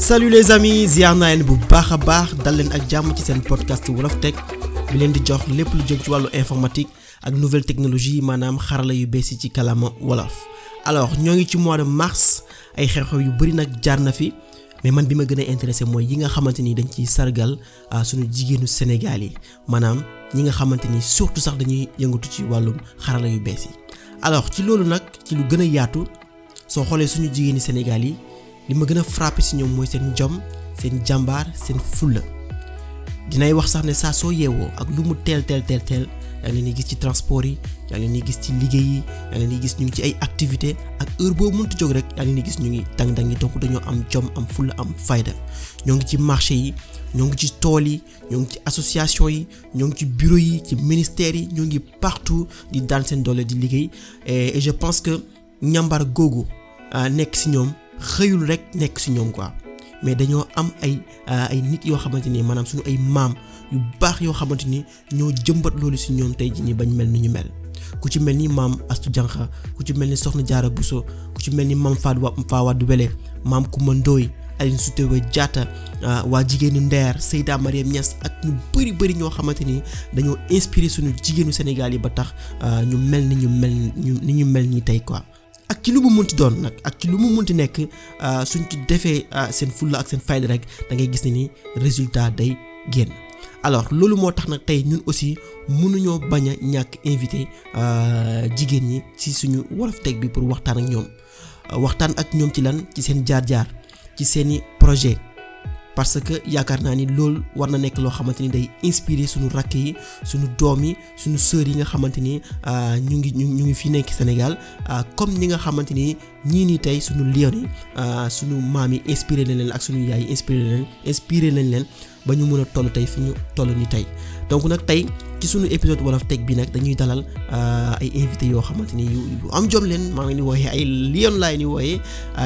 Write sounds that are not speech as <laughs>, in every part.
salut les amis ziar naa bu baax a baax dal leen ak jàmm ci seen podcast wolof tech bi leen di jox lépp lu jëm ci wàllu informatique ak nouvelle technologie maanaam xarala yu bees yi ci kàllaama wolof. alors ñoo ngi ci mois de mars ay xew-xew yu bëri nag jaar na fi mais man bi ma gën a intéressé mooy yi nga xamante ni dañ ciy sargal ah, suñu jigéenu Sénégal yi maanaam ñi nga xamante ni surtout sax dañuy yëngatu ci wàllum xarala yu bees yi alors ci loolu nag ci lu gën a yaatu soo xoolee suñu jigéeni Sénégal yi. li ma gën a frappé si ñoom mooy seen jom seen jàmbaar seen fulla dinay wax sax ne saa soo yeewoo ak lu mu teel teel teel teel yaa ngi leen di gis ci transport yi yaa ngi leen gis ci liggéey yi yaa ngi leen gis ñu ngi ci ay activité ak heure boo mënti jog rek yaa ngi leen gis ñu ngi dang-dang yi donc dañoo am jom am fulla am fayda ñoo ngi ci marché yi ñoo ngi ci tool yi ñoo ngi ci association yi ñoo ngi ci bureau yi ci ministère yi ñoo ngi partout di daan seen doole di liggéey et je pense que ñambar googu ah, nekk si ñoom xëyul rek nekk si ñoom quoi mais dañoo am ay euh, ay nit yoo xamante ni maanaam suñu ay maam yu baax yoo xamante ni ñoo jëmbat loolu si ñoom tey jii nii bañ mel ni ñu mel ku ci mel ni maam Astu Janxa ku ci mel ni Soxna Jaara Buso ku ci mel ni maam Fadwa Fawad Wele maam Kumba Ndooy Aline Sitoé Diatta euh, waa jigéenu Ndeer Seyda Mariam Niass ak ñu bëri bëri ñoo xamante ni dañoo inspiré suñu jigéenu Sénégal yi ba tax euh, ñu mel ni ñu mel ni ñu mel nii tey quoi. ak ci lu mu munti doon nag ak ci lu mu munti nekk euh, suñ ci defee euh, seen fulla ak seen fayda rek da ngay gis ne ni résultat day génn alors loolu moo tax na tey ñun aussi munuñoo bañ a ñàkk invité euh, jigéen ñi ci suñu Wolof Tech bi pour waxtaan ak ñoom waxtaan ak ñoom ci lan ci seen jaar-jaar ci seeni projet parce que yaakaar naa ni loolu war na nekk loo xamante ni day inspirer suñu rakk yi suñu doom yi suñu sœur yi nga xamante ni euh, ñu ngi ñu ngi fi nekk Sénégal euh, comme ni nga xamante ni ñii nii tey suñu lion yi euh, suñu maam yi inspiré nañ leen ak suñu yaay yi inspiré nañ leen inspiré nañ leen ba ñu mën a toll tey fi ñu toll nii tey donc nag tey ci suñu épisode wolof teg bi nag dañuy dalal ay invités yoo xamante ni yu am jom leen maa ngi ni wooyee ay lion laay ni wooyee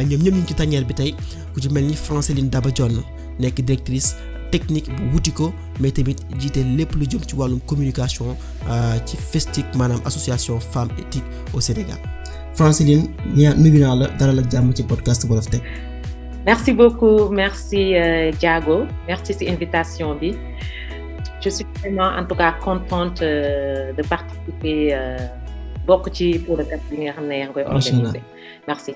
ñoom ñëpp ñu ngi ci tanière bi tey ku ci mel ni Franceline Daba Dione nekk directrice technique bi wuti ko mais tamit jiite lépp lu jëm ci wàllum communication euh, ci FESTIC maanaam association femmes éthiques au Sénégal Franceline ñaa nuyu naa la dara la jàmm ci podcast Wolof Tech merci beaucoup merci euh, Diago merci ci invitation bi je suis en tout cas contente euh, de participer euh, bokk ci pour le bi nga xam ne yaa ngi koy organiser merci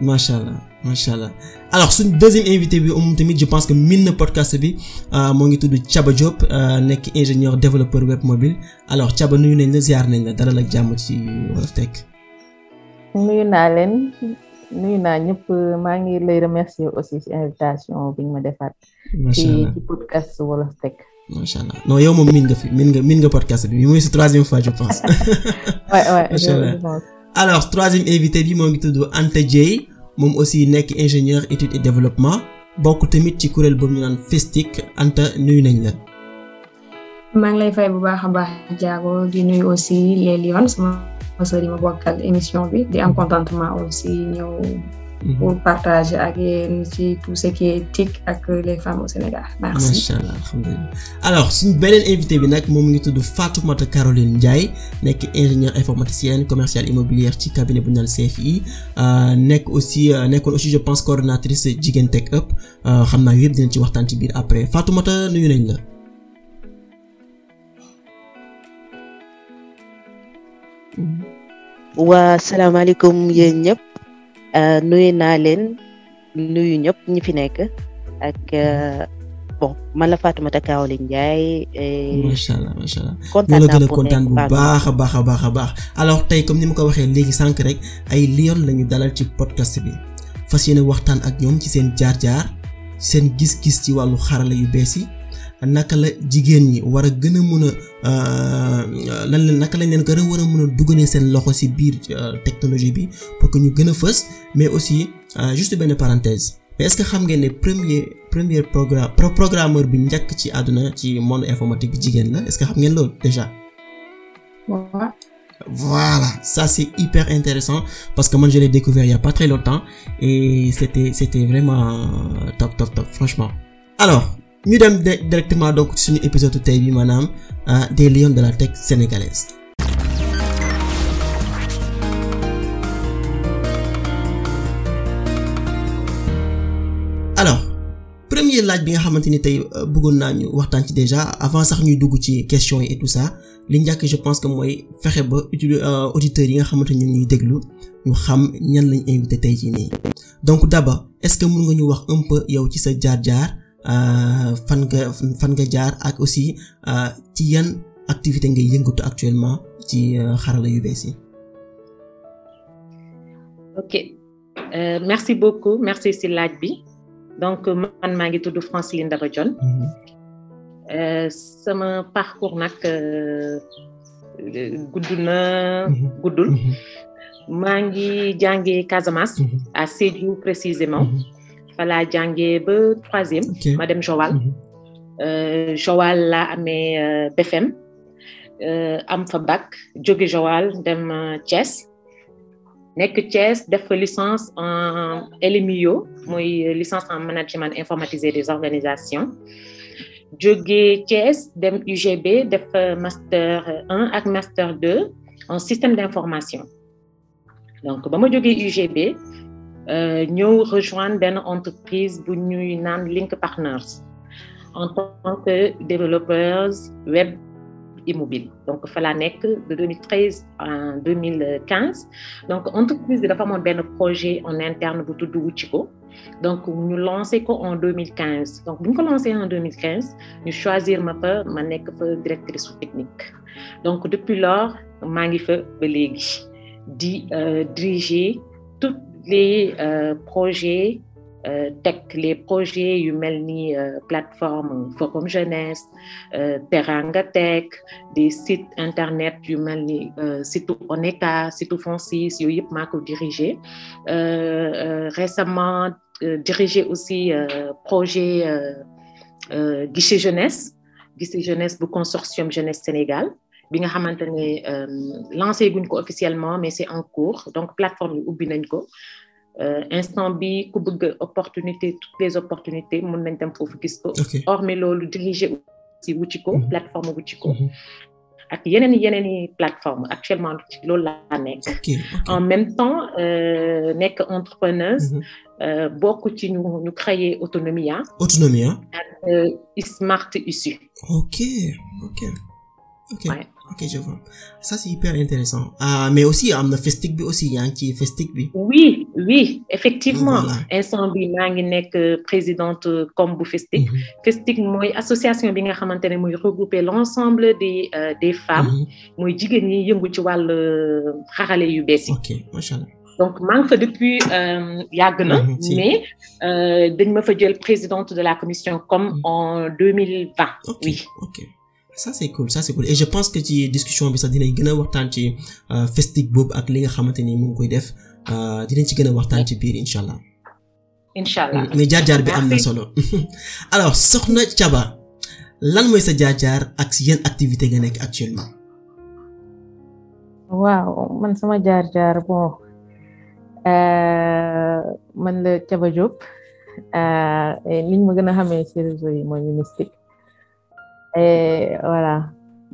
macha allah macha allah alors suñ deuxième invité bi moom tamit je pense que min na podcast bi euh, moo ngi tudd Thiaba Diop euh, nekk ingénieur développeur web mobile alors Thiaba nuyu nañ la nañ la dalal ak jàmm ci Wolof Tech. nuyu naa leen naa ñëpp maa ngi lay remercier aussi ci invitation bi ñu ma defaat. macha allah ci podcast yow moom min nga fi min nga min bi bi mooy sa troisième fois <laughs> invité bi moo ngi tudd Anta Dieye. moom aussi nekk ingénieur étude et développement bokk tamit ci kuréel boobu mu naan FESTIC Anta nuyu nañ la. maa ngi lay fay bu baax a baax Diago di nuy aussi les Lions sama sœur yi ma bokkal émission bi di am contentement aussi ñëw. Mhm. pour partager ak yéen ci tout ce qui est ak les femmes au Sénégal. merci allah alhamdulilah alors suñu beneen invité bi nag moom ngi tudd Fatoumata Caroline Ndiaye nekk ingénieur informaticienne commerciale immobilière ci cabinet bu ñu naan CFI euh, nekk aussi euh, nekkoon aussi je pense coordonnatrice Jigéen Tech Up euh, xam naa yëpp dinañ ci waxtaan ci biir après Fatoumata nuyu nañ la. ñëpp. Euh, nuyu naa leen nuyu ñëpp ñi fi nekk ak euh, bon man la Fatoumata Kaolé Ndiaye. macha allah macha allah kontaan naa bu baax a baax a baax a baax. alors tey comme ni ma ko waxee léegi sànq rek ay lion lañu dalal ci podcast bi fas yéene waxtaan ak ñoom ci seen jaar-jaar seen gis-gis ci wàllu xarala yu bees yi. naka la jigéen ñi war a gën a mun a euh, lan la naka lañ leen gën a war a mun a dugalee seen loxo ci biir euh, technologie bi pour que ñu gën a fës mais aussi euh, juste benn parenthèse mais est que xam ngeen ne premier premier programme programmeur bi njëkk ci àdduna ci monde informatique bi jigéen la est que xam ngeen loolu déjà. waaw. voilà ça c'est hyper intéressant parce que moi je l'ai découvert il y a pas très longtemps et c'était c'était vraiment top top top franchement ñu dem directement donc suñu épisode tey bi maanaam ah, des lion de la tech sénégalaise. alors premier laaj bi nga xamante ni tey euh, bëggoon naa ñu waxtaan ci déjà avant sax ñuy dugg ci question et tout ça li njëkk je pense que mooy fexe ba euh, auditeurs yi nga xamante ni ngi déglu ñu xam ñan lañ invité tey jii nii donc Daba est-ce que mën nga ñu wax un yow ci sa jaar-jaar. Euh, fan nga fan nga jaar ak aussi euh, ci yan activité ngay yëngatu actuellement ci euh, xarala yu yi. ok euh, merci beaucoup merci si laaj bi donc man maa ngi tudd Franceline Daba Dione. Mhm. sama parcours nag gudd na mhm. guddul. Mhm. maa ngi jànge Casamance. à Sédhiou précisément. fa laa jàngee ba troisième. ma dem Joal. Mhm. Euh, Joal laa amee euh, BFM euh, am fa bak jóge Joal dem Thiès nekk Thiès def fa licence en LMIO mooy licence en management informatisé des organisations jóge Thiès dem UGB def master 1 ak master 2 en système d'information donc ba ma UGB. Euh, ñëw rejoindre benn entreprise bu ñuy naan Link Partners en tant que développeuse web et mobile donc fa laa nekk de 2013 à 2015 donc entreprise bi dafa amoon benn projet en interne bu tudd Wuchiko donc ñu lancé ko en 2015 donc bu ñu ko lancé en 2015 ñu choisir ma fa ma nekk fa directrice su technique donc depuis lors maa ngi fa ba léegi di euh, diriger. les euh, projets euh, tech les projets yu mel ni euh, plateforme Forum Jeunesse Teranga Tech des sites internet yu mel ni site Oneka site Fonsis yooyu yëpp maa ko dirigé récemment dirigé aussi projet guichet jeunesse guichet jeunesse bu consortium jeunesse Sénégal bi nga xamante ne lancé guñ ko officiellement mais c'est en cours donc plateforme yi ubbi nañ ko Euh, instant bi ku bëgg opportunité toutes les opportunités mën nañ dem foofu gis ko hormis loolu dirigé aussi Wuchiko mhm. plateforme Wuchiko mhm. ak yeneen yeneen i plateforme actuellement loolu laa nekk en même temps euh, nekk entrepreneuse mhm. euh, bokk ci ñu ñu créer Autonomia ah. Autonomia ah. ak Smart Issue ok ok ouais. ok je vois intéressant ah, mais aussi am na festik bi aussi yaa ngi ci festik bi. oui oui effectivement. instant bi maa ngi nekk euh, présidente euh, comme bu festik. Mhm. festik mooy association bi nga xamante ne mooy regrouper l'ensemble des euh, des femmes. Mhm. mooy jigéen ñi yëngu ci wàllu euh, xarale yu bees yi. ok macha allah. donc maa fa depuis yàgg na. Mhm, mais dañ ma fa jël présidente de la commission comme en deux ça c'est cool ça je pense que ci discussion bi sax dinañ gën a waxtaan ci euh, festique boobu ak li nga xamante ni mu ngi koy def euh, dinañ ci gën a waxtaan ci biir incha allah. incha allah mais jaar-jaar bi am na solo. <laughs> alors soxna Thiaba lan mooy sa jaar-jaar ak yan activité nga nekk actuellement. waaw man sama jaar-jaar bon euh, man la Thiaba Diop ni ma gën a xamee ci réseau mooy mystique. et voilà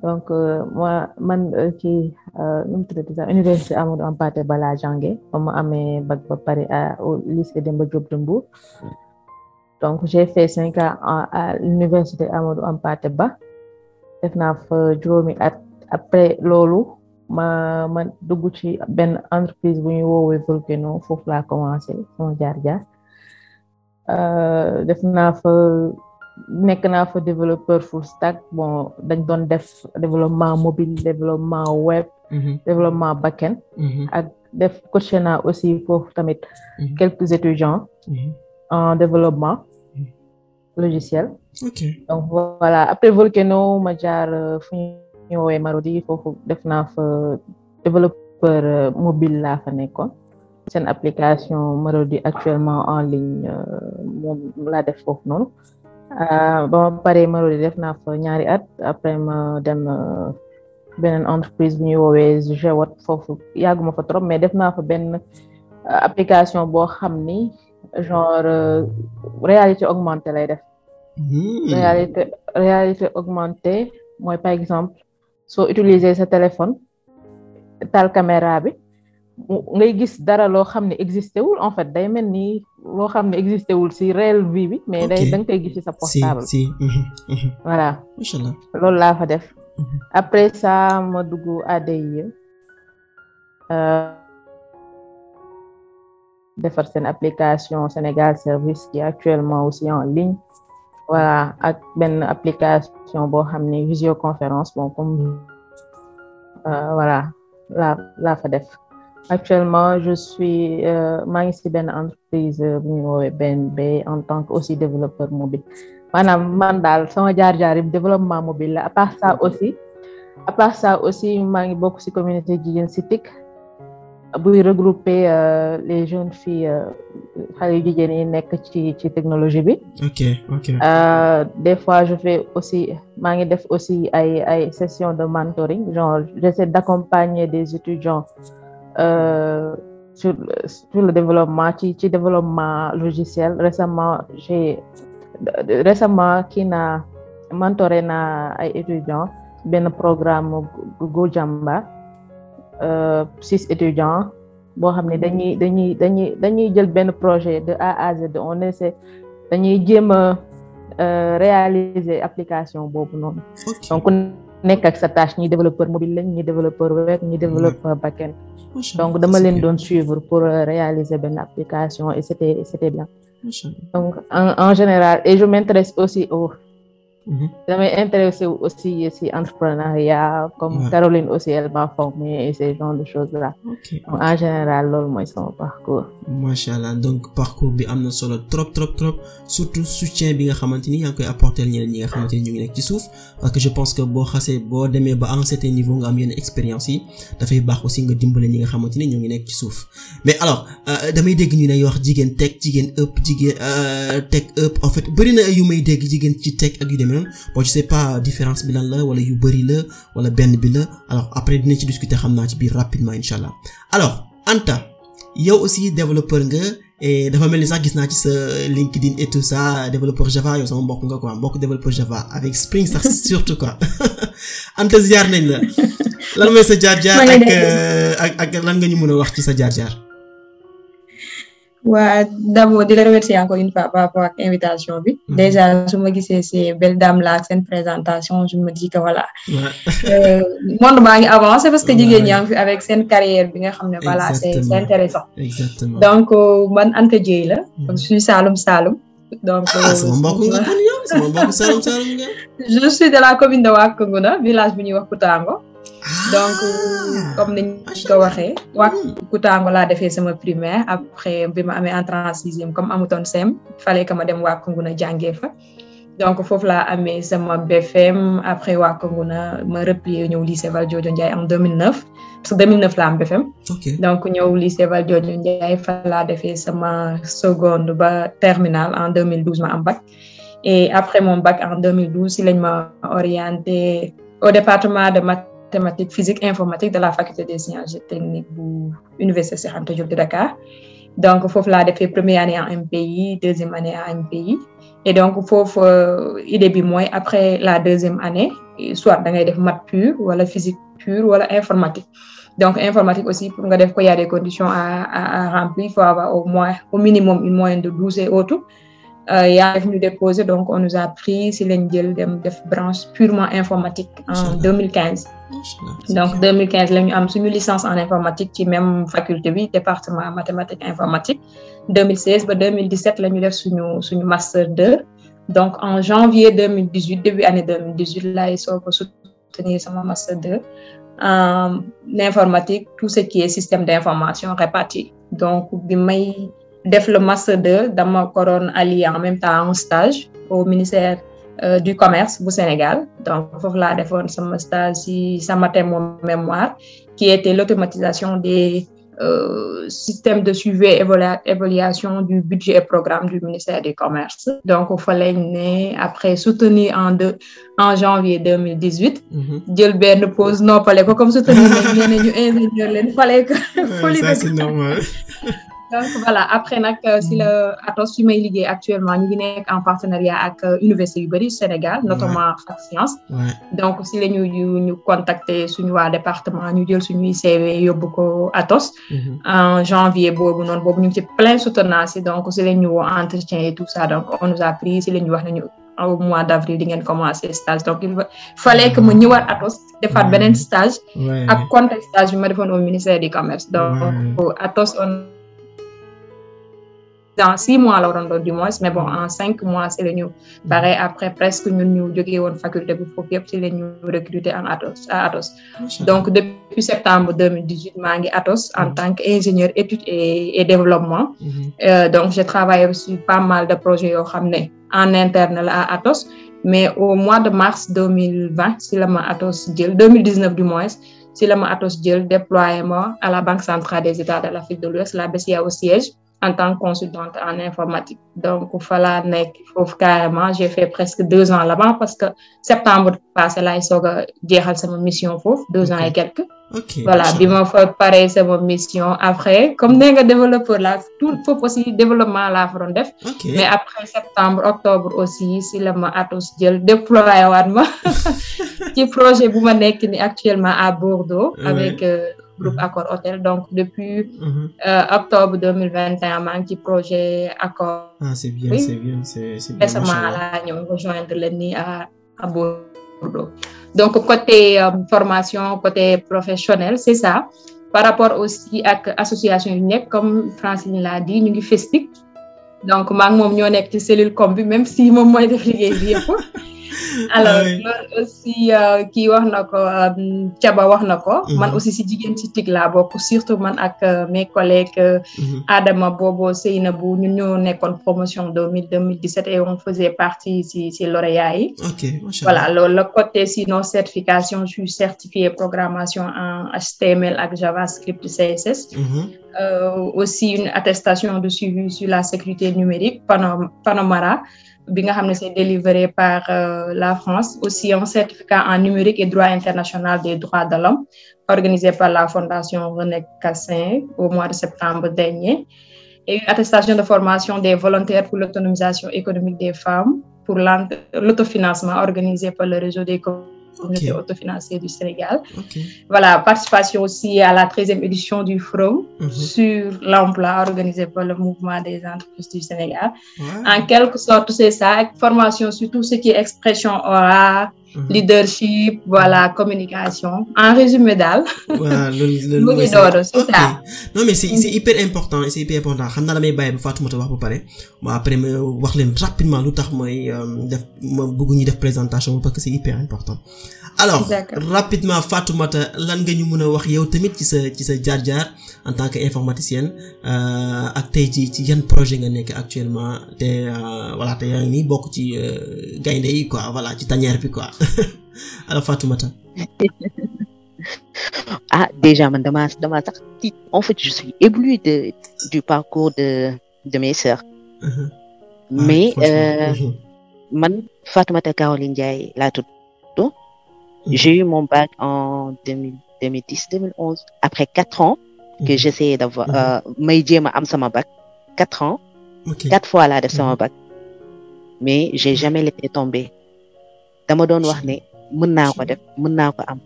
donc euh, ma man ci euh, euh, nu mu tuddati université Amadou Hampâté Bâ jànge ba ma amee bac ba pare au lycée Demba Diop de Mbour donc j'ai fait cinq ans à l'université Amadou Hampâté Bâ def naa fa juróomi at après loolu ma ma dugg ci benn entreprise bu ñuy woowee Volcano foofu laa commencé sama jaar jaar def nekk naa fa développeur full stack dañ doon def développement mobile développement web mhm. développement backend mhm. ak def coaché aussi foofu tamit mhm. quelques étudiants en développement logiciel donc voilà après Volcano ma jaar euh, fu ñu woowee Marodi foofu def naa fa développeur euh, mobile laa fa nekkoon seen application Marodi actuellement en ligne euh, moom laa def foofu noonu Euh, ba ma paree Marodi def naa fa ñaari at après ma dem euh, entreprise bu ñuy woowee Gewot foofu yàgguma fa trop mais def naa fa benn euh, application boo xam ni genre réalité augmentée lay def. Hmm. réalité réalité augmentée mooy par exemple soo utiliser sa téléphone tal caméra bi. ngay gis dara loo xam ne existé wul en fait day mel ni loo xam ne existé wul si réel vie bi mais day da nga koy gis si sa portable si mhm. Mhm. voilà macha allah loolu laa fa def mhm. après dugg ADIE euh, defar seen application Sénégal service qui est actuellement aussi en ligne voilà ak benn application boo xam ne visioconférence bon comme euh, voilà laa laa fa def actuellement je suis euh, maa ngi si benn entreprise euh, bu ñu benn BNB en tant que aussi développeur mobile maanaam maan daal soma jaar-jaar yëpp développement mobile la à part ça aussi à part ça aussi maa ngi bokk si communauté jigéen si TIC buy regrouper euh, les jeunes filles xale yu jigéen yi nekk ci ci technologie bi. ok des fois je fais aussi maa ngi def aussi ay ay sessions de mentoring genre j'essaie d'accompagner des étudiants. Euh, sur le développement ci ci développement logiciel récemment j'ai récemment kii naa mentoré naa ay étudiants benn programme Gojamba euh, six étudiants boo xam ne dañuy dañuy dañuy dañuy jël benn projet de à Z on essaie dañuy jéem a euh, réaliser application boobu noonu donc ku nekk ak sa tâche ñi développeur mobile lañ ñi développeur web ñi développeur backend donc dama leen doon suivre pour euh, réaliser benn application et c'était c'était bien donc en, général et je m'intéresse aussi au damay mm-hmm. intéressé aussi si entrepreneuriat comme ouais. Ah. Caroline aussi elle m'a formée et ce genre de choses là. Okay, okay. en général loolu mooy sama parcours. macha donc parcours bi am na solo trop trop trop surtout soutien bi nga xamante ni yaa ngi koy apporter ñi nga xamante ni ñu ngi nekk ci suuf parce que je pense que boo xasee boo demee ba à un certain niveau nga am yenn expérience yi dafay baax nga dimbale ñi nga xamante ni ñu ngi nekk ci suuf mais alors euh, damay dégg ñu ne wax jigéen tech jigéen ëpp jigéen euh, tech ëpp en fait bëri na yu may dégg jigéen ci tech ak yu demee un bon je sais pas différence bi lan la wala yu bëri la wala benn bi la alors après dina ci discuter xam naa ci biir rapidement incha allah alors Anta yow aussi développeur nga et dafa mel ni sax gis naa ci sa LinkedIn et tout ça développeur Java yow sama mbokk nga quoi mbokk développeur Java avec Spring sax <laughs> surtout quoi <laughs> Anta ziar nañ la lan mooy sa jaar jaar euh, ak ak lan nga ñu mën a wax ci sa jaar jaar. waa d'abord di la remercier encore une fois par invitation bi. Mhm. déjà su ma gisee ces belles dames seen présentation je me dis que voilà. Euh, monde baa ngi avancé parce que jigéen ñi am seen carrière bi nga xam ne voilà c'est c'est intéressant. donc euh, man Anta Dieye la. Mhm. donc je suis Saloum Saloum. donc ah, euh, sama <laughs> de la commune de Wakunguna village bi ñuy wax Koutango. donc ah, comme niñ ko waxee waa hmm. Koutango laa defee sama primaire après bi ma amee entrée en sixième comme amutoon sem fallait que ma dem waa Koungheul jàngee fa donc foofu laa amee sama BFM après waa Koungheul ma replier ñëw lycée Valdiodio Ndiaye en 2009 parce que 2009 laa am BFM. donc ñëw lycée Valdiodio Ndiaye fa laa defee sama seconde ba terminale en 2012 ma am bac et après mon bac en 2012 si lañ ma orienté au département de maths mathématiques physique informatique de la faculté des sciences université Cheikh Anta Diop de Dakar donc foofu laa defee première année en MPI deuxième année en MPI et donc foofu euh, idée bi mooy après la deuxième année soit danga ngay def maths pure wala physique pure wala informatique donc informatique aussi pour nga def ko y a des conditions à à à remplir avoir au minimum de douze et autres yaa euh, ngi ñu déposé donc on nous a pris si lañ jël dem def branche purement informatique en donc 2015 la ñu am suñu licence en informatique ci même faculté bi département mathématique informatique 2016 ba 2017 la ñu def suñu suñu master 2 donc en janvier 2018 début année 2018 laay soo ko soutenir sama master 2 en informatique tout ce qui est système d'information réparti donc bi may def le master 2 dama ko doon allier même temps un stage au ministère Euh, du commerce bu Sénégal donc foofu laa defoon sama stage si sama thème moom mémoire qui était l'automatisation des Euh, de suivi et évaluation du budget et programme du ministère du commerce donc fa lañ ne après soutenir en deux en janvier deux mille dix huit. Mhm. jël benn pause noppale ko comme soutenir ñeneen ñu <laughs> ingénieur leen fale ko. ça c'est normal <laughs> donc voilà après nag euh, si la Atos fi may liggéey actuellement ñu ngi nekk en partenariat ak euh, université yu bëri Sénégal notamment Fac Science donc si la ñu ñu contacter suñu waa département ñu jël suñuy CV yóbbu ko Atos mhm. en janvier boobu noonu boobu ñu ngi ci plein soutenance donc si la ñu woo entretien et tout ça donc on nous a pris si la ñuy wax na ñu mois d'avril di ngeen commencer stage donc il fallait que ma ñëwaat Atos beneen stage ak contexte stage ma defoon ministère du commerce dans six mois la waroon doon du moins mais bon en cinq mois si la ñu pare après presque ñun ñu jógee woon faculté bu foofu yëpp si la ñu recruter en Atos à Atos donc depuis septembre 2018 maa ngi Atos en mm. tant que ingénieur études et développement mm-hmm. euh, donc j'ai travaillé sur pas mal de projets yoo xam ne en interne la à Atos mais au mois de mars 2020 si la ma Atos jël 2019 du mois si la ma Atos jël déploiement à la Banque centrale des États de l'Afrique de l'Ouest la BCEAO au siège en tant que consultante en informatique donc falaa nekk foofu carrément j'ai fait presque deux ans là parce que septembre passé laay soog a jeexal sama mission foofu deux ans et quelques okay, voilà ma fa paree sama mission après comme nee nga développeur la tout foofu aussi développement laa fa def mais après septembre octobre aussi si la ma atos jël a waat ma <laughs> ci projet bu nekk ni actuellement à Bordeaux avec euh, groupe mhm. Accor Hôtel donc depuis mhm. euh, octobre deux mille vingt et maa ngi ci projet Accor. ah c'est bien c'est bien c'est c'est bien récemment laa ñëw rejoindre leen nii à à Bordeaux. donc côté euh, formation côté professionnel c'est ça par rapport aussi ak association yu nekk comme Francine l'a dit ñu ngi festique donc maa ngi moom ñoo nekk ci cellule com bi même si moom mooy def liggéey bi <laughs> alors euh, aussi euh, kii wax na ko euh, Thiaba wax na ko. Mhm. man aussi si jigéen ci TIC laa bokk surtout man ak mes collègues. Mhm. Adama Bobo Seynabou ñun ñoo nekkoon promotion deux mille deux mille dix sept et on faisait partie si si lauréats yi. ok voilà loolu la côté sinon certification je suis certifié programmation en HTML ak JavaScript CSS. Mhm. aussi une attestation de suivi sur la sécurité numérique Panomara. bi nga xam ne c'est délivré par euh, la France aussi un certificat en numérique et droit international des droits de l'homme organisé par la fondation René Cassin au mois de septembre dernier et une attestation de formation des volontaires pour l'autonomisation économique des femmes pour l'autofinancement organisé par le réseau des communes communauté okay. autofinancière du Sénégal. Okay. Voilà, participation aussi à la 13e édition du Forum mm -hmm. sur l'emploi organisé par le mouvement des entreprises du Sénégal. Ouais. En quelque sorte, c'est ça, formation sur tout ce qui est expression orale, Mhm. leadership voilà communication en résumé daal. waaw loolu loolu mooy c'est ça. non mais c'est mhm. hyper important c'est hyper important xam naa damay bàyyi ba Fatoumata wax ba pare ma après ma wax leen rapidement lu tax may euh, def ma bëgg ñu def présentation parce que c'est hyper important. alors rapidement Fatoumata lan nga ñu mën a wax yow tamit ci sa ci sa jaar-jaar. en tant que informaticienne euh, ak tey jii ci yan projet nga nekk actuellement te euh, voilà te yaa ngi bokk ci euh, gaynde yi quoi voilà ci tanière bi quoi <laughs> alors Fatoumata <laughs> ah déjà man damaa damaa sax tiit en fait je suis éblouie de du parcours de de mes uh-huh. ah, mais uh-huh. man Fatoumata Caroline Ndiaye laa tudd. Uh-huh. j'ai eu mon bac en après quatre ans. que mhm. j'essayais d'avoir may jéem a am sama bac quatre ans quatre fois la def sama bac mais j'ai mhm. jamais laissé tomber dama doon wax ne mën naa ko def mën naa ko am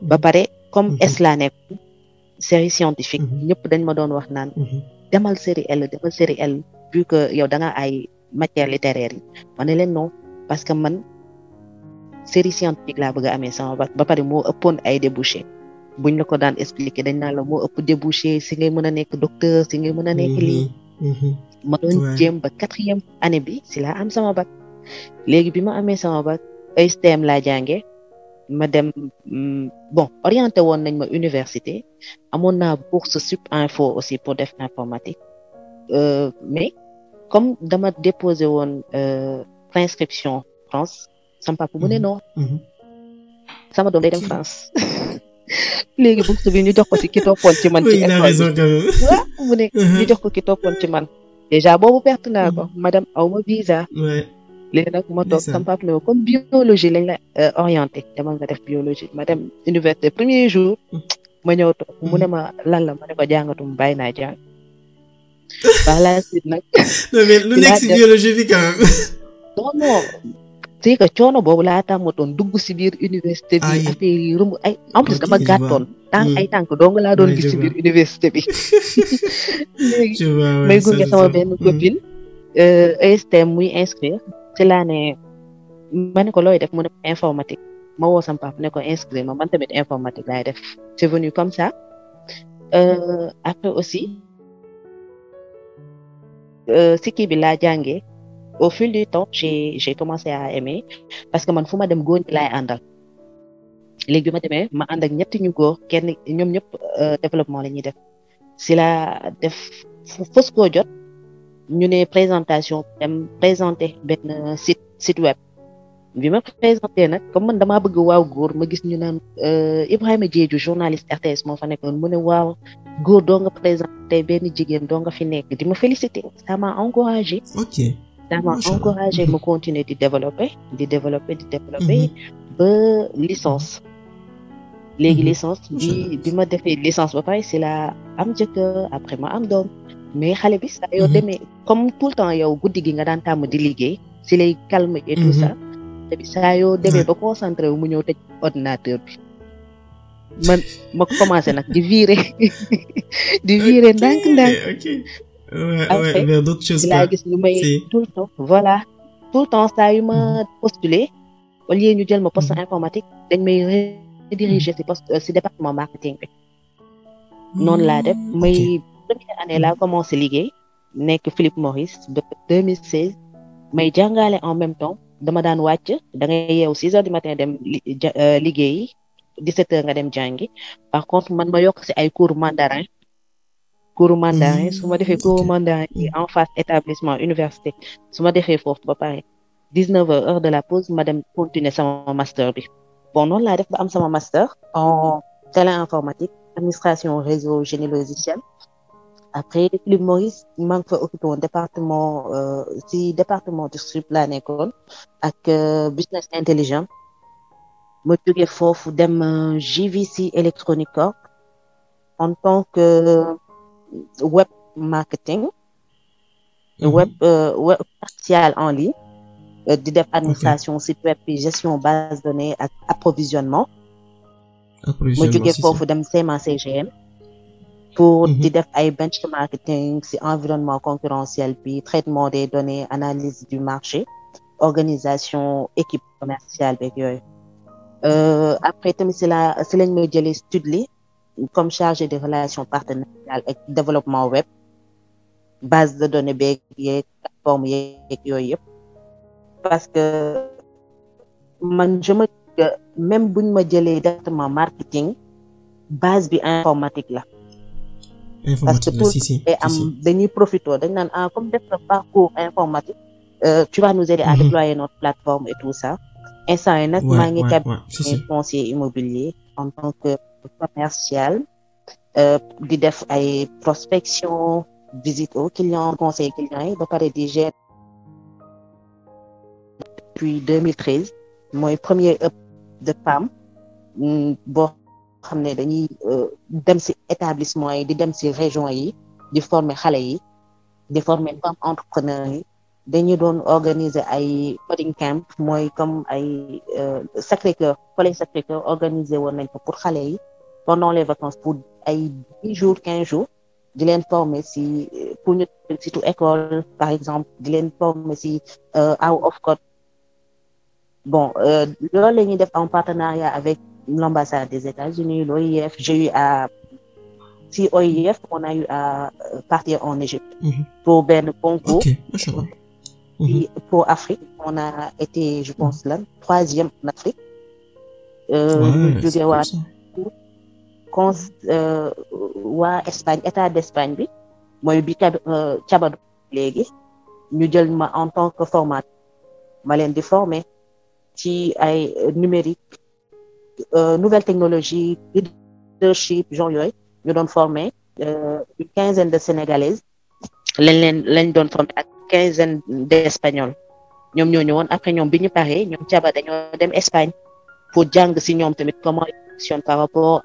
ba mhm. pare comme es laa nekk série scientifique ñëpp dañ ma doon wax naan demal série L demal série L vu que yow da nga ay matière littéraire yi ma ne que man série scientifique la bëgg a amee sama bac ba pare moo ëppoon ay débouché buñ la ko daan expliquer dañ naa la moo ëpp débouché si ngay mën a nekk docteur si ngay mën a nekk mhm. lii. Mhm. ma doon jéem ba quatrième année bi si la am sama bac. léegi bi ma amee sama bac STM laa jàngee ma dem mm, bon orienté woon nañ ma université amoon naa bourse sup info aussi pour def informatique euh, mais comme dama déposé woon euh, inscription France sama papa mhm. doom day dem France <laughs> léegi bourse bi ñu jox ko ci ki toppoon ci man. Uh-huh. jox ko ki toppoon ci man. déjà boobu perte naa ko mm. madame aw ma visa. léegi nag ma toog sama papa ne ma comme biologie lañ la euh, orienté demal nga def biologie ma dem université premier jour. Mm. ma ñëw toog mu ne mm. ma lan la ma ne ko jàngatum bàyyi naa jàng. par la suite nag. non mais <laughs> biologie bi quand c'est que coono boobu laataa ma doon dugg si biir université bi affaire yi rëmb ay en plus dama gàttoon tànk euh. ay tànk dong laa doon gis si biir université bi <laughs> léegi may gunge sama benn mm. copine ESTM euh, e muy inscrire ci laa ne ma ne ko looy def mu ne informatique ma woo sama ne ko inscrire ma man tamit informatique laay def c'est venu comme ça euh, après aussi si kii bi laa jàngee au fil du temps j'ai j'ai commencé à parce que man fu ma dem góor ñi laay àndal léegi bi ma demee ma ànd ak ñetti ñu góor kenn ñoom ñëpp euh, développement la ñuy def si la def fës koo jot ñu ne présentation dem présenter benn sit site web bi ma présenté nag comme man damaa bëgg waaw góor ma gis ñu naan euh, Ibrahima Diédhiou journaliste RTS moo fa nekkoon mu ne waaw góor doo nga présenté benn jigéen doo nga fi nekk di ma félicité ça m'a encouragé daa ma encouragé ma continuer di développer di développer di développer mhm. ba licence léegi mhm. licence bi bi ma defee licence ba pare si la am jëkkër après ma am doom mais xale bi saa yoo mhm. demee comme tout le temps yow guddi gi nga daan tàmm di liggéey si lay calme et tout ça te bi saa yoo demee ba concentré wu mu ñëw tëj ordinateur bi man ma commencé nag di virer <laughs> di virer ndànk ndànk ouais, ah, ouais, vers d'autres gis ñu may tout le temps voilà tout le temps saa yu ma mm. postuler au ñu jël ma poste mm. informatique dañ may rediriger si poste euh, si département marketing bi noonu laa def mm, may première année laa commencé liggéey nekk Philip Morris ba 2016 may jàngale en même temps dama daan wàcc da ngay yeewu 6 heures du matin dem euh, liggéeyi 17 heures nga dem jàngi par contre man ma yokk si ay cours mandarin cours mandarin su ma defee cours mandarin bi e en face établissement université su ma defee foofu ba pare dix neuf heures heure de la pause ma dem continuer sama master bi bon noonu laa def ba am sama master en talent informatique administration réseau génie logiciel après Club Maurice maa ngi fa occupé département euh, si département de SUP laa nekkoon ak euh, business intelligent ma jógee foofu dem euh, JVC Electronic Corp en tant que web marketing. Mhm. web euh, web commercial en ligne. Euh, di def administration site web bi gestion base données ak approvisionnement. ma jógee foofu dem CMA CGM. pour mhm. di def ay benchmarking si environnement concurrentiel bi traitement des données analyse du marché organisation équipe commerciale beeg yooyu. Euh, après tamit ci la ci lañ may jëlee comme chargé des relations partenariales ak développement web base de données beeg yeeg plateforme yooyu yëpp parce que man je même buñ ma jëlee directement marketing base bi informatique la parce que tout day am dañuy profito dañ naan ah comme def na parcours informatique euh, tu vas nous aider à mhm. déployer notre plateforme et tout ça instant yi nag maa ngi cabinet foncier immobilier en tant que commercial euh, di def ay prospection visite aux clients conseil clients yi ba pare di gérer depuis 2013 mooy premier hub de PAM mm, boo xam ne dañuy euh, dem ci établissement yi di dem si région yi di former xale yi di former entrepreneur yi dañuy doon organiser ay coding camp mooy comme ay euh, Sacré-Cœur collège Sacré-Cœur organiser woon nañ ko pour xale yi pendant les vacances pour ay dix jours quinze jours di leen former si euh, pour ñu surtout école par exemple di leen former si aw euh, of code bon euh, loolu la ñuy def en partenariat avec l'ambassade des États-Unis l'OIF j'ai eu à si OIF on a eu à partir en Égypte mm-hmm. pour benn concours mm-hmm. pour Afrique on a été je pense là troisième en Afrique euh, ouais, con euh, waa Espagne état d'Espagne bi mooy bi euh, cabadu léegi ñu jël ma en tant que formateur ma leen di former ci ay numérique euh, nouvelle technologie leadership genre yooyu ñu doon former une quinzaine de sénégalaises lañ leen lañ doon former ak quinzaine d'espagnols ñoom ñoo ñëwoon après ñoom bi paree ñoom caba dañoo dem Espagne pour jàng si ñoom tamit comment ils par rapport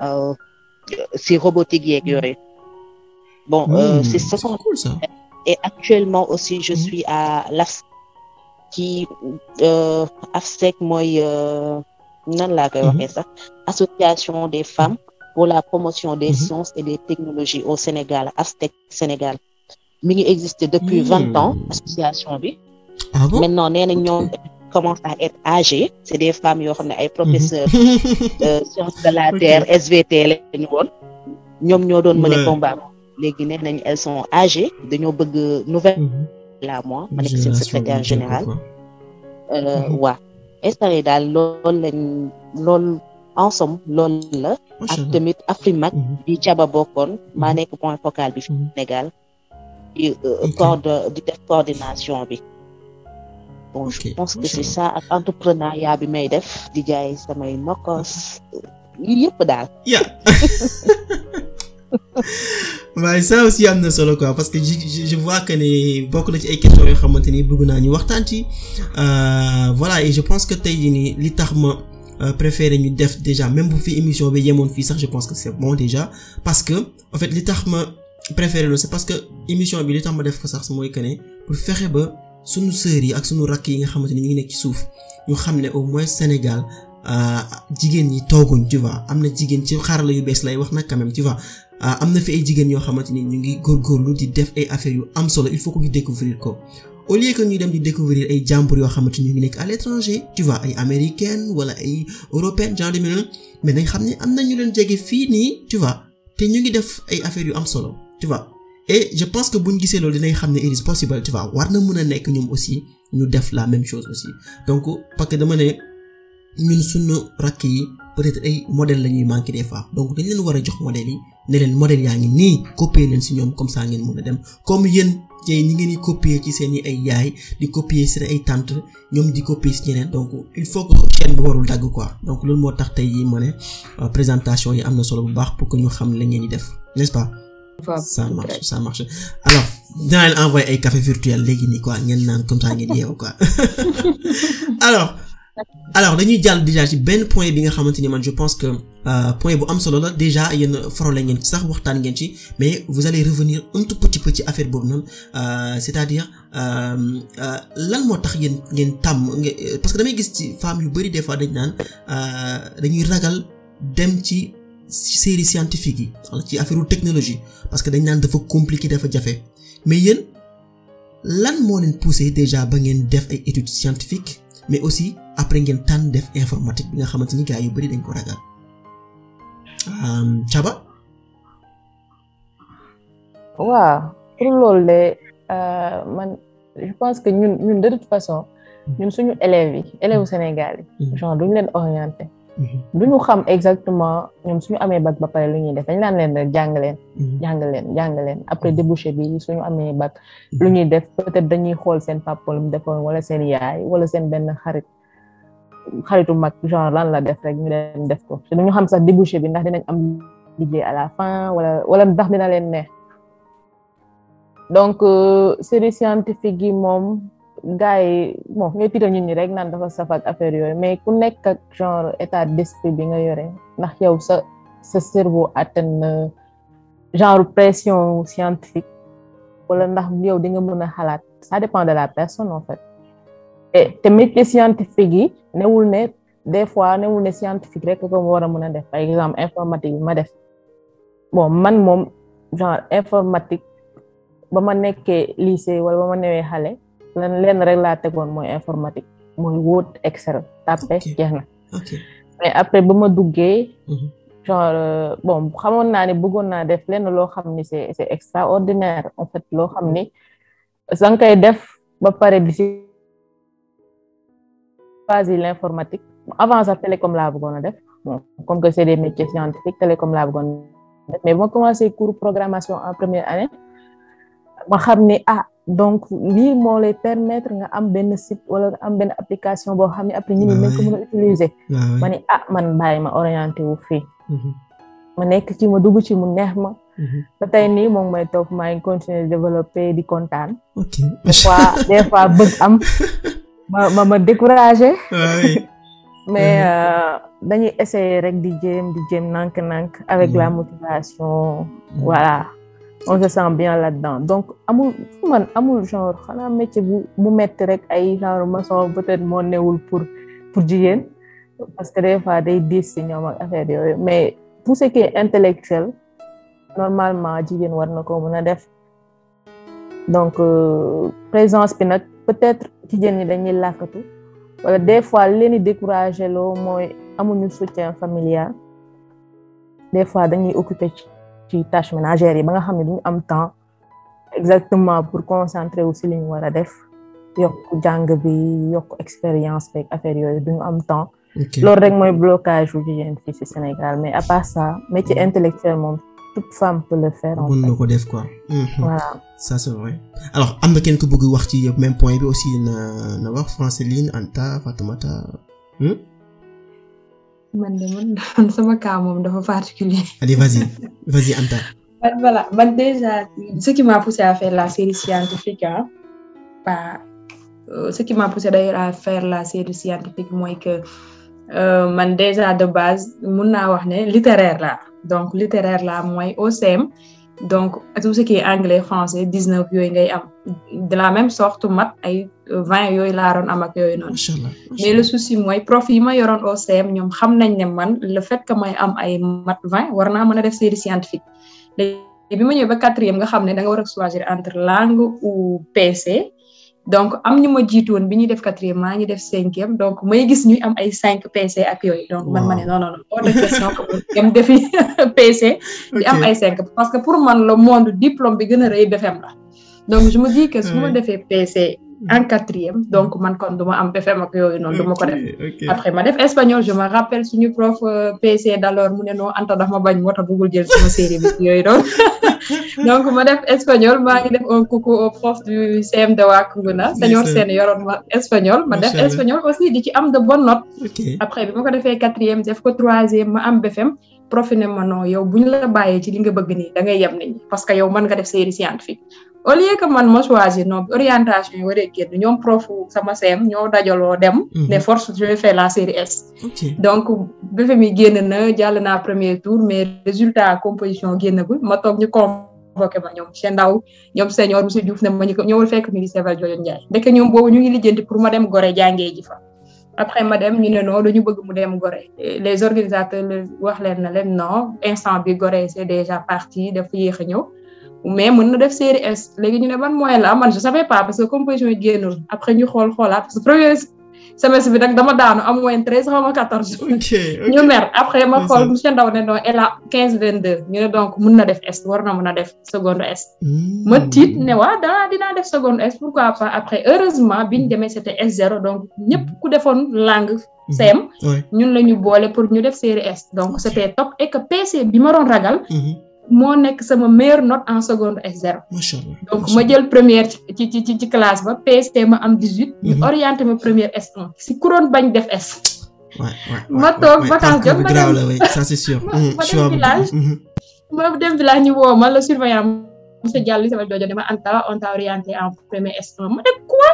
si robotique yeeg yooyu. Mm. bon euh, mm, c'est actuellement aussi je mm. suis à l'AFS qui euh, AFSEC mooy euh, nan laa koy waxee sax association des femmes pour la promotion des mm-hmm. sciences et des technologies au Sénégal AFSEC Sénégal mi ngi existe depuis vingt ans association bi ah maintenant nee na commencent à et âgées c'est des femmes yoo xam ne ay professeurs mhm. euh, <laughs> sciences de la terre SVT lañu woon ñoom ñoo doon mën a combat léegi nee nañ elles son âgées dañoo bëgg nouvelle mhm. la moi ma nekk seen secrétaire général euh, mhm. waa instant yi daal loolu lañ loolu en somme loolu la ak tamit Afrimat bi caba bokkoon maa nekk point focal bi fi Sénégal di euh, coord di coordination bi bon je pense que c'est ça ak entrepreneuriat bi may def di jaay samay nokos yu yëpp daal yaa <laughs> waaye ça aussi am na solo quoi parce que je je vois que ne bokk na ci ay questions yoo xamante ni bëgg naa ñu waxtaan ci euh, voilà et je pense que tey jii nii li tax ma euh, préféré ñu def déjà même bu fi émission bi yemoon fii sax je pense que c'est bon déjà parce que en fait li tax ma préféré loolu c'est parce que émission bi li tax ma def ko sax mooy que ne pour fexe ba. suñu sœurs yi ak suñu rakk yi nga xamante ni ñu ngi nekk ci suuf ñu xam ne au moins Sénégal euh, jigéen ñi tooguñ tu am na jigéen ci xarala yu bees lay wax nag quand même euh, am na fi ay jigéen yoo xamante ni ñu ngi góorgóorlu di def ay affaires yu am solo il faut que ñu ko au lieu que ñuy dem di découvrir ay jàmbur yoo xamante ni ñu ngi nekk à l'étranger tu vois ay américaine wala ay européenne genre mais nañ xam ne am na ñu leen jege fii nii tu te ñu ngi def ay affaires yu am solo tu et je pense que bu ñu gisee loolu dinañ xam ne it is possible tu vois war na mën a nekk ñoom aussi ñu def la même chose aussi donc parce que dama ne ñun suñu rakk yi peut-être ay modèle la ñuy manqué des fois donc dañ leen war a jox modèle yi ne leen modèle yaa ngi nii copier leen si ñoom comme ça ngeen mën a dem comme yéen tey ñu ngeen di copier ci seen i ay yaay di copier seen ay tant ñoom di copier si ñeneen donc il faut que chaîne bi warul dagg quoi donc loolu moo tax tey yi ma ne euh, présentation yi am na solo bu baax pour que ñu xam la ngeen di def nest ça marche ça marche alors dinaa leen envoyé ay café virtuel léegi nii quoi ngeen naan comme ça ngeen yeewu quoi <laughs> alors alors dañuy jàll déjà ci benn point bi nga xamante ni man je pense que euh, point bu am solo la déjà yéen farole ngeen ci sax waxtaan ngeen ci mais vous allez revenir un tout petit peu ci affaire boobu noonu euh, c'est-à-dire euh, lan moo tax yéen ngeen tàmm parce que damay gis ci femmes yu bari des fois dañ naan dañuy ragal dem ci ci scientifique yi ci affaire technologie parce que dañ naan dafa compliqué dafa jafe mais yéen lan moo leen poussé déjà ba ngeen def ay études scientifiques mais aussi après ngeen tànn def informatique bi nga xamante ni gars yu bari dañ ko ragal Thiaba. waaw pour loolu de euh, man je pense que ñun ñun de toute façon hmm. ñun suñu élèves yi élèves hmm. Sénégal yi. Hmm. genre duñ leen orienté. Mm-hmm. du ñu xam exactement ñoom suñu amee bac ba pare lu ñuy def dañ naan leen rek jàng leen mm-hmm. jàng leen jàng leen après mm-hmm. débouché bi suñu amee bac lu ñuy def peut-être dañuy xool seen papa lu mu wala seen yaay wala seen benn xarit xaritu mag genre lan la def rek ñu leen def ko te duñu xam sax débouché bi ndax dinañ am liggéey à la fin wala wala ndax dina leen neex donc euh, série scientifique yi moom gars yi bon ñooy tiital ñun rek naan dafa saf affaire yooyu mais ku nekk ak genre état d'esprit bi nga yore ndax yow sa sa cerveau atteint na genre pression scientifique wala ndax yow di nga mën a xalaat ça dépend de la personne en fait et te métier scientifique yi newul des fois newul ne scientifique rek ko war a mën a def par exemple informatique bi ma def man moom informatique ba ma nekkee lycée wala ba ma newee xale len lenn rek laa tegoon mooy informatique mooy Word Excel ta jeex na mais après ba ma duggee mhm. genre euh, bon xamoon naa ne bëggoon naa def lenn loo xam ni c'est c'est extraordinaire en fait loo xam ni sa nga def ba pare di si base yi l'informatique avant sax télécom laa bëggoon a def bon comme que c'est des métiers scientifiques télécom laa bëggoon a def mais ba ma commencé programmation en première année ma xam ni ah donc lii moo lay permettre nga am benn site wala am benn application boo xam ne après ñu ni nañ ko utiliser ah ma ni ah man bàyyi ma orienté wu fii mhm. ma nekk ci ma dugg ci mu neex ma mhm. ba tey nii moom may topp maa ngi continuer de développer di kontaan des fois des fois bëgg am ma ma ma ah <laughs> mais mhm. euh, dañuy essayer rek di jéem di jéem nank-nank avec la motivation voilà on se sent bien là-dedans donc amul fu man amul genre xanaa métier bu mu metti rek ay genre maçon peut-être moo newul pour pour jigéen parce que des fois day diis si ñoom ak affaire yooyu mais pour ce qui est intellectuel normalement jigéen war na ko mën a def donc euh, présence bi nag peut-être jigéen ñi dañuy làkkatu wala des fois leeni découragé loo mooy amuñu soutien familial des fois dañuy occupé ci tâches ménagères yi ba nga xam ne duñu am temps exactement pour concentrer wu si li war a def yokk jàng bi yokk expérience beeg affaire yooyu duñu am temps loolu rek mooy blocage wu jigéen fii si Sénégal mais à part ça métier mm. intellectuel moom toute femme peut le faire ko def quoi. Mm-hmm. voilà ça am na kenn ku bëgg wax ci même point bi aussi na na wax Franceline Anta Fatoumata. Hmm? man de man sama cas moom dafa particulier. allez vas-y vas-y man déjà ce qui m'a poussé à faire la série scientifique ah bah euh, ce qui m'a poussé à faire la série scientifique mooy que euh, man déjà de base mun naa wax ne littéraire la donc littéraire la mooy OCM. donc tout ce qui est anglais français 19 yooyu ngay am de la même sorte mat ay 20 euh, yooyu laa doon am ak yooyu no macha allah mais le souci mooy profit yi ma yoroon o CM ñoom xam nañ ne man le fait que may am ay mat 20 war naa mën a def série scientifique. léegi bi ma ñëwee ba quatrième nga xam ne da nga war a choisir entre langue ou PC. donc am ñu ma jiitu woon bi ñuy def quatrième maa ngi def cinquième donc may gis ñuy am ay cinq PC ak yooyu. donc man ma ne non non non defi <laughs> PC. di am ay cinq parce que pour man le monde diplôme bi gën a rëy BFEM la. donc je me dis que su ma defee PC en quatrième donc man kon du ma am BFEM ak yooyu noonu du ma ko def après ma def espagnol je rappel rappelle suñu prof euh, PC d'alors mu ne noo Anta dafa ma bañ moo tax bëggul jël sama série bi yooyu doon <laughs> donc ma def espagnol maa ngi def un coucou au prof du CM de waa seen yoroon ma espagnol ma def espagnol aussi di ci am de bon notes après bi ma ko defee quatrième def ko troisième ma am BFEM prof ne ma no yow bu ñu la bàyyee ci li nga bëgg nii da ngay yem nit parce que yow man nga def série fi au lieu man ma choisir no orientation yi waree génn ñoom profu sama sem ñoo dajaloo dem. Mhm. ne force je vais faire la série S. Okay. donc BFEM yi génn na jàll naa premier tour mais résultat composition génnagul ma toog ñu convoqué ma ñoom seen ndaw ñoom senior monsieur Diouf ne ma ñu ko ñëwul fekk mi ngi Cheval Diolène Ndiaye ndeke ñoom boobu ñu ngi lijjanti pour ma dem Gorée jàngee ji fa. après ma dem ñu ne non ñu bëgg mu dem Gorée les organisateurs wax leen na leen non instant bi Gorée c'est déjà parti dafa yéex a ñëw. mais mën na def série S léegi ñu ne ban moyen la man je savais pas parce que composition yi génnul après ñu xool xoolaat parce que premier bi nag dama daanu am moyen treize xaw ma quatorze. <laughs> ñu après ma xool monsieur Ndaw ne non elle a quinze vingt ne donc mën na def S war na mën a def seconde S. Hmm. ma tiit ne wa daa dinaa def seconde S pourquoi pas après heureusement biñ demee c'était S0 donc ñëpp ku defoon langue. CM hmm. ñun la ñu boole pour ñu def série es donc c'était top et que PC bi ma doon ragal. Hmm. moo nekk sama meilleure note en seconde s donc ma jël première ci ci ci ci classe ba PST ma am 18. Mhm. ñu orienté ma première S1 si kuroon bañ def S. ma toog vacance jot ma dem ça c'est sûr. <laughs> Mhm, mhm. ma dem village. ma ma la surveillant monsieur Diallo sama dojo dama Anta on t'a orienté en premier S1 ma def quoi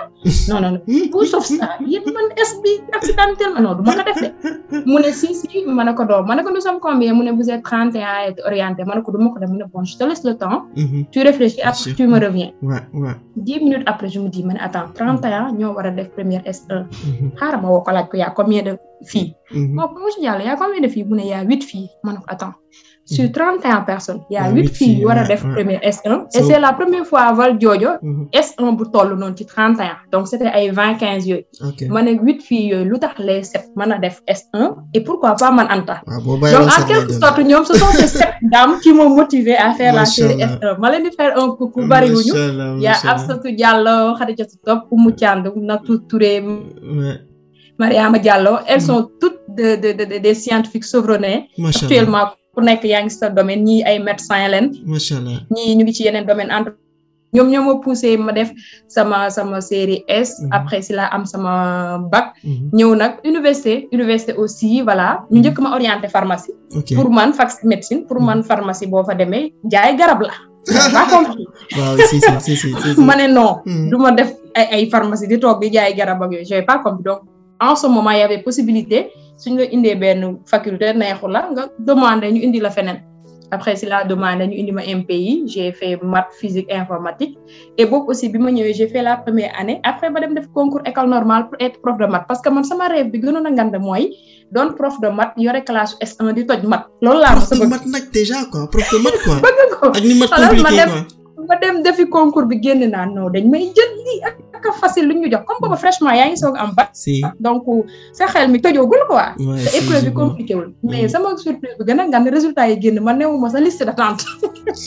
non non non tout sauf ça man S bi accidentel ma du ma ko def mu ne si si ma ne ko doom ma ko nous sommes combien mu ne vous êtes 31 orienté ma ko du ma ko def mu ne bon je le temps mhm. tu réfléchis après tu me dix minutes après je ma ne attends 31 mhm. ñoo war a def première S1 e. mhm. xaaral ma woo ko combien de filles bon monsieur Diallo yaa combien de filles mu ne sur 31 mhm. personnes y ah huit filles yu def premier S1 et c'est la première fois Valdiodio mhm. S1 bu toll noonu ci 31 donc c'était ay vingt quinze yooyu ma ne huit filles yooyu lu tax les sept mën a def S1 et pourquoi pas man Anta ah, donc en quelque sorte ñoom ce sont <laughs> sept dames qui m'ont motivé à faire la série S1 ma faire un coucou bariwuñu y a Absatou Diallo Khadijatou Top Oumou Thiandoum Natou Touré Mariama Diallo elles mm. sont toutes de, de, de, scientifiques chevronnés ku nekk yaa ngi sa domaine ñii ay médecin leen. macha allah ñii ngi ci yeneen domaine entre ñoom ñoo ma poussé ma def sama sama série S. Mhm. après si la am sama bac. Mhm. ñëw nag université université aussi voilà ñu mhm. njëkk ma orienté pharmacie. pour man fax médecine pour man pharmacie boo fa demee jaay garab la. <laughs> maa si <laughs> ma ne non. du ma def ay ay pharmacie di toog bi jaay garab ak yooyu j'ai pas compris donc en ce moment possibilité. suñ la indee benn faculté neexu la nga demandé ñu indi la feneen après si la demandé ñu indi ma MPI j'ai fait physique informatique et boobu aussi bi ma ñëwee j'ai fait la première année après ba dem def concours école normale prof de maths parce que man sama rêve bi gënoon a ngand mooy doon prof de maths yore classe S1 di toj maths. loolu déjà quoi prof de maths quoi. <laughs> bëgg ni maths compliqué quoi. bi génn naa dañ may jël lii ak a facile lu ñu jox comme booba fraîchement yaa ngi soog am ba donc sa xel mi tëjoogul quoi te épreuve bi compliqué wul mais mm. sama surprise bu gën a résultat yi génn ma newuma sa liste d'attente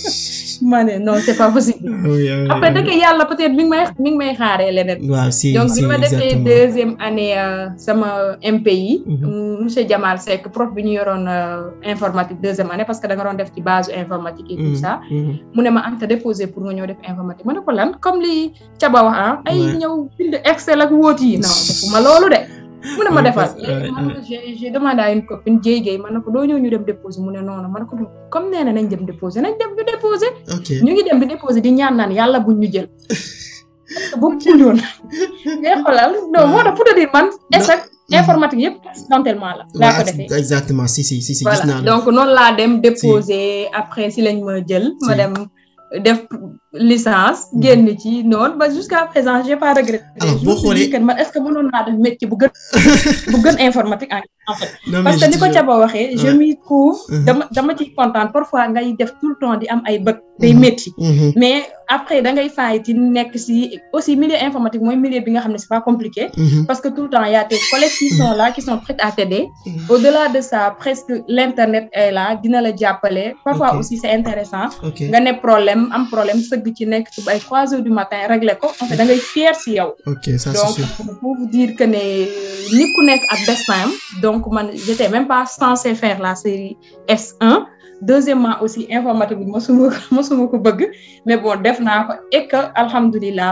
<laughs> ma ne non c'est pas possible <laughs> après yàlla peut-être mi ngi may mi ngi may xaaree leneen donc ma defee deuxième année euh, sama euh, MPI mm-hmm. mm, monsieur Jamal Seck prof bi ñu yoroon euh, informatique deuxième année parce que da nga def ci base informatique et tout mm-hmm. ça mm-hmm. mu ne ma am déposé pour fii ñëw bind Excel ak wóot yi non defuma loolu de mu ne ma defal eh, euh, j'ai demandé man na ko doo ñëw ñu dem déposer mu ne noonu man na ko comme nee na nañ dem déposer nañ dem ñu ngi dem di déposer di ñaan naan yàlla buñ ñu jël boobu ci ñoon ngay xoolal non moo tax pour te man échec informatique yëpp accidentellement la laa ko defee exactement si si si si donc noonu laa dem déposer après si lañ ma jël ma dem def licence mhm. génn ci noonu ba jusqu'à présent j'ai pas regretté. Ah, man est-ce que mënoon naa def métier bu gën <laughs> informatique parce que ni ko Thiaba waxee je m'y trouve. Mhm. dama dama ciy parfois ngay def tout le temps di am ay bët mhm. day métti. mais après da ngay faay ci aussi milieu informatique mooy milieu bi nga xam ne compliqué. parce que tout le temps y a qui sont là qui sont prêts à t'aider. au-delà de ça presque l'internet est là dina la jàppale. dëgg ci nekk ci ay trois heures du matin réglé ko en fait da ngay fier si yow. ok ça c'est sûr donc pour dire que ne nit ku nekk ak destin donc man j'étais même pas censé faire la série S1. deuxièmement aussi informatique bi mosuma <laughs> mosuma ko bëgg mais boo def naa ko et que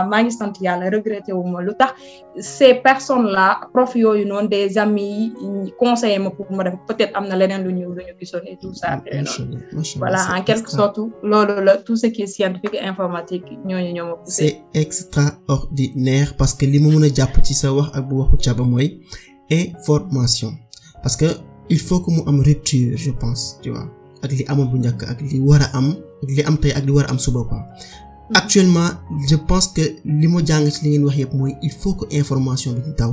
maa ngi sant yàlla regretté wu ma lu tax ces personnes là prof yooyu noonu des amis conseiller ma pour ma def peut-être am na leneen lu ñu lu ñu gisoon et tout ça. Ah, voilà en quelque sorte loolu la tout ce qui est scientifique et informatique ñooñu ñoo ma c'est extraordinaire parce que li ma mun a jàpp ci sa wax ak bu waxu caba mooy information parce que il faut que mu am rupture je pense ak li amoon bu njëkk ak li war a am li am tey ak li war a am suba quoi actuellement je pense que li ma jàng ci li ngeen wax yëpp mooy il faut que information bi di daw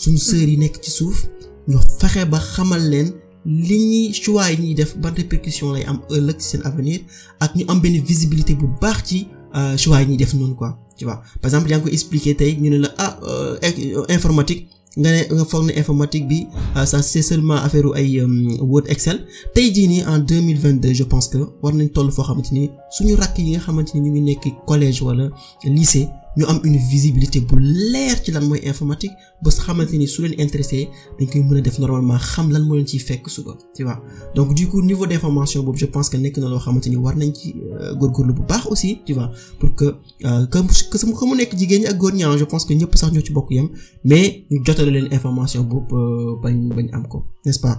suñu sœur yi nekk ci suuf ñu fexe ba xamal leen li ñuy choix yi ñuy def ban répercussion lay am ëllëg ci seen avenir ak ñu am benn visibilité bu baax ci euh, choix yi ñuy def noonu quoi tu par exemple yaa ngi ko expliquer tey ñu ne la ah euh, informatique nga ne nga foog ne informatique bi ah, ça c'est seulement affaire ay euh, Word Excel tey jii nii en deux mille vingt deux je pense que war nañ toll foo xamante ni suñu rakk yi nga xamante ni ñu ngi nekk collège wala lycée. ñu am une visibilité bu leer ci lan mooy informatique ba xamante ni su leen intéressé dañ koy mën a def normalement xam lan moo leen ciy fekk suba tu vois donc du coup niveau d'information boobu je pense que nekk na loo xamante ni war nañ ci euh, góorgóorlu aussi tu vois pour que euh, que sama mu nekk jigéen ñi ak góor ñi je pense que ñëpp sax ñoo ci bokk yem mais ñu jotale leen information boobu euh, bañ bañ am ko n'est-ce pas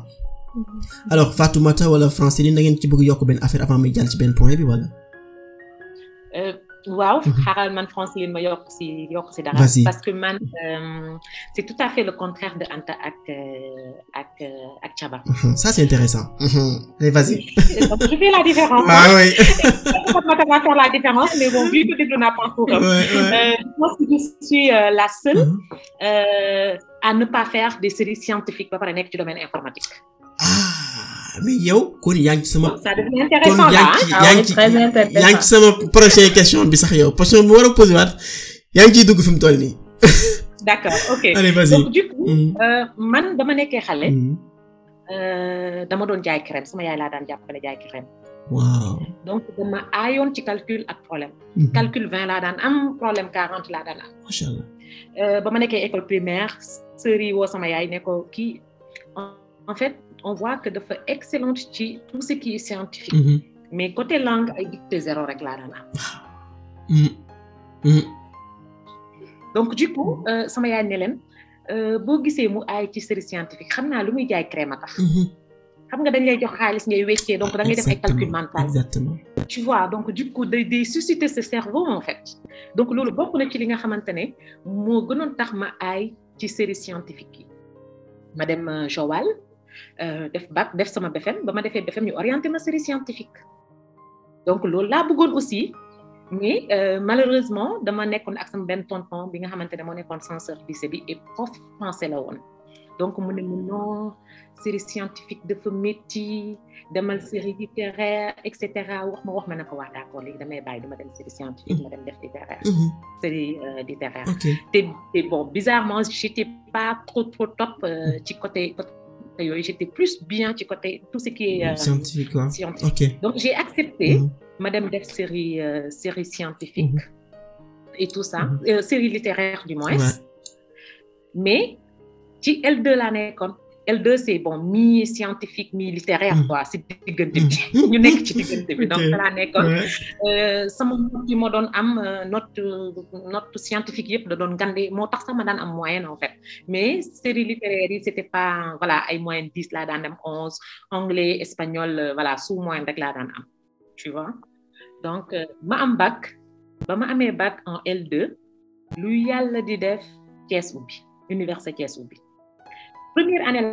mm-hmm. alors Fatoumata wala Francine da ngeen ci bëgg yokk benn affaire avant may jàll ci benn point bi wala. waaw xaaral mhm. man Francine ma yokk si yokk si dara. parce que man euh, c' tout à fait le contraire de Anta ak euh, ak euh, ak mhm. ça c' intéressant. Mhm. allez vas je fais la différence. ah oui. ma <laughs> faire la mais bon vu pense que je suis la seule. à ne pas faire des séries scientifiques ba pare nekk ci domaine informatique. mais yow kon yaa ngi ci sama. ça devient intéressant kon yaa ngi ci ah yaa ngi ci sama prochaine question bi sax a posé <laughs> <laughs> mm-hmm. euh, man ba ma nekkee xale. Mm-hmm. Euh, dama doon jaay crème sama yaay laa daan jàppale jaay crème. waaw donc dama aayoon ci calcul ak problème. Mm-hmm. calcul vingt laa daan am problème quarante laa daan am. macha allah euh, ba ma nekkee école primaire sœur woo sama yaay ne ko kii en fait. on voit que dafa excellente ci tout ce qui est scientifique. Mm-hmm. mais côté langue ay dictée zéro rek laa daan am. Mm-hmm. Mm-hmm. donc du euh, sama yaay ne leen euh, boo gisee mu ay ci série scientifique xam naa lu muy jaay crème a tax. xam nga dañ lay jox xaalis ngay wéccee donc da ngay def ay calcul mental. exactement vois donc du coup day day susciter ce cerveau en fait. donc loolu bokk na ci li nga xamante ne moo gënoon tax ma ay ci série scientifique yi ma dem euh, Joal. Euh, def bac def sama BFEM ba ma defee BFEM ñu orienté ma série scientifique donc loolu laa bëggoon aussi mais euh, malheureusement dama nekkoon ak sama ton tonton bi nga xamante ne moo nekkoon censeur lycée bi et prof français la woon donc mu ne mu non série scientifique dafa métti demal série littéraire et cetera wax ma wax ma ne ko waa d'accord léegi damay bàyyi dama dem série scientifique ma dem def littéraire mhm. série euh, littéraire te te bon bizarrement j'étais pas trop trop top te yooyu j'étais plus bien ci côté tout ce qui est. Euh, scientifique quoi scientifique. ok donc j'ai accepté. Mm -hmm. ma dem def série euh, série scientifique. Mm -hmm. et tout ça mhm. euh, série littéraire du moins. Ouais. mais ci L2 laa nekkoon L2C bon mi scientifique mi littéraire hmm. quoi si diggante hmm. bi ñu nekk ci hmm. diggante bi donc laa nekkoon euh, sama note ma doon am euh, note euh, note scientifique yëpp da doon gande moo tax sama daan am moyenne en fait mais série littéraire yi c'était pas voilà ay moyenne dix laa daan dem onze anglais espagnol wala sous moyenne rek laa daan am donc ma am bac ba ma amee bac en l lu yàlla di def Thiès ubbi université Thiès ubbi première année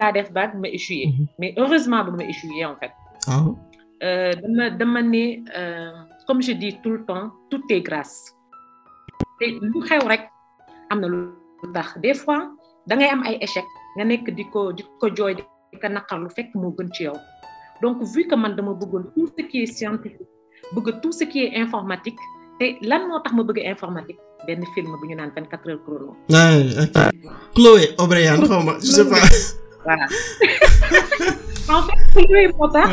laa def bac ma échoué mhm. mais heureusement ba ma échoué en fait ah euh, dama dama ne euh, comme je dis tout le temps tout tes grâce lu xew rek am na lu tax des fois da ngay am ay échec nga nekk di ko di ko jooy di ko naqar lu fekk moo gën ci yow donc vu que man dama bëggoon tout ce qui est scientifique bëgg tout ce qui est informatique te lan moo tax ma bëgg informatique benn film bu ñu naan 24 heures chrono. ah ok Chloé Obreyan xaw ma je <laughs> moo tax.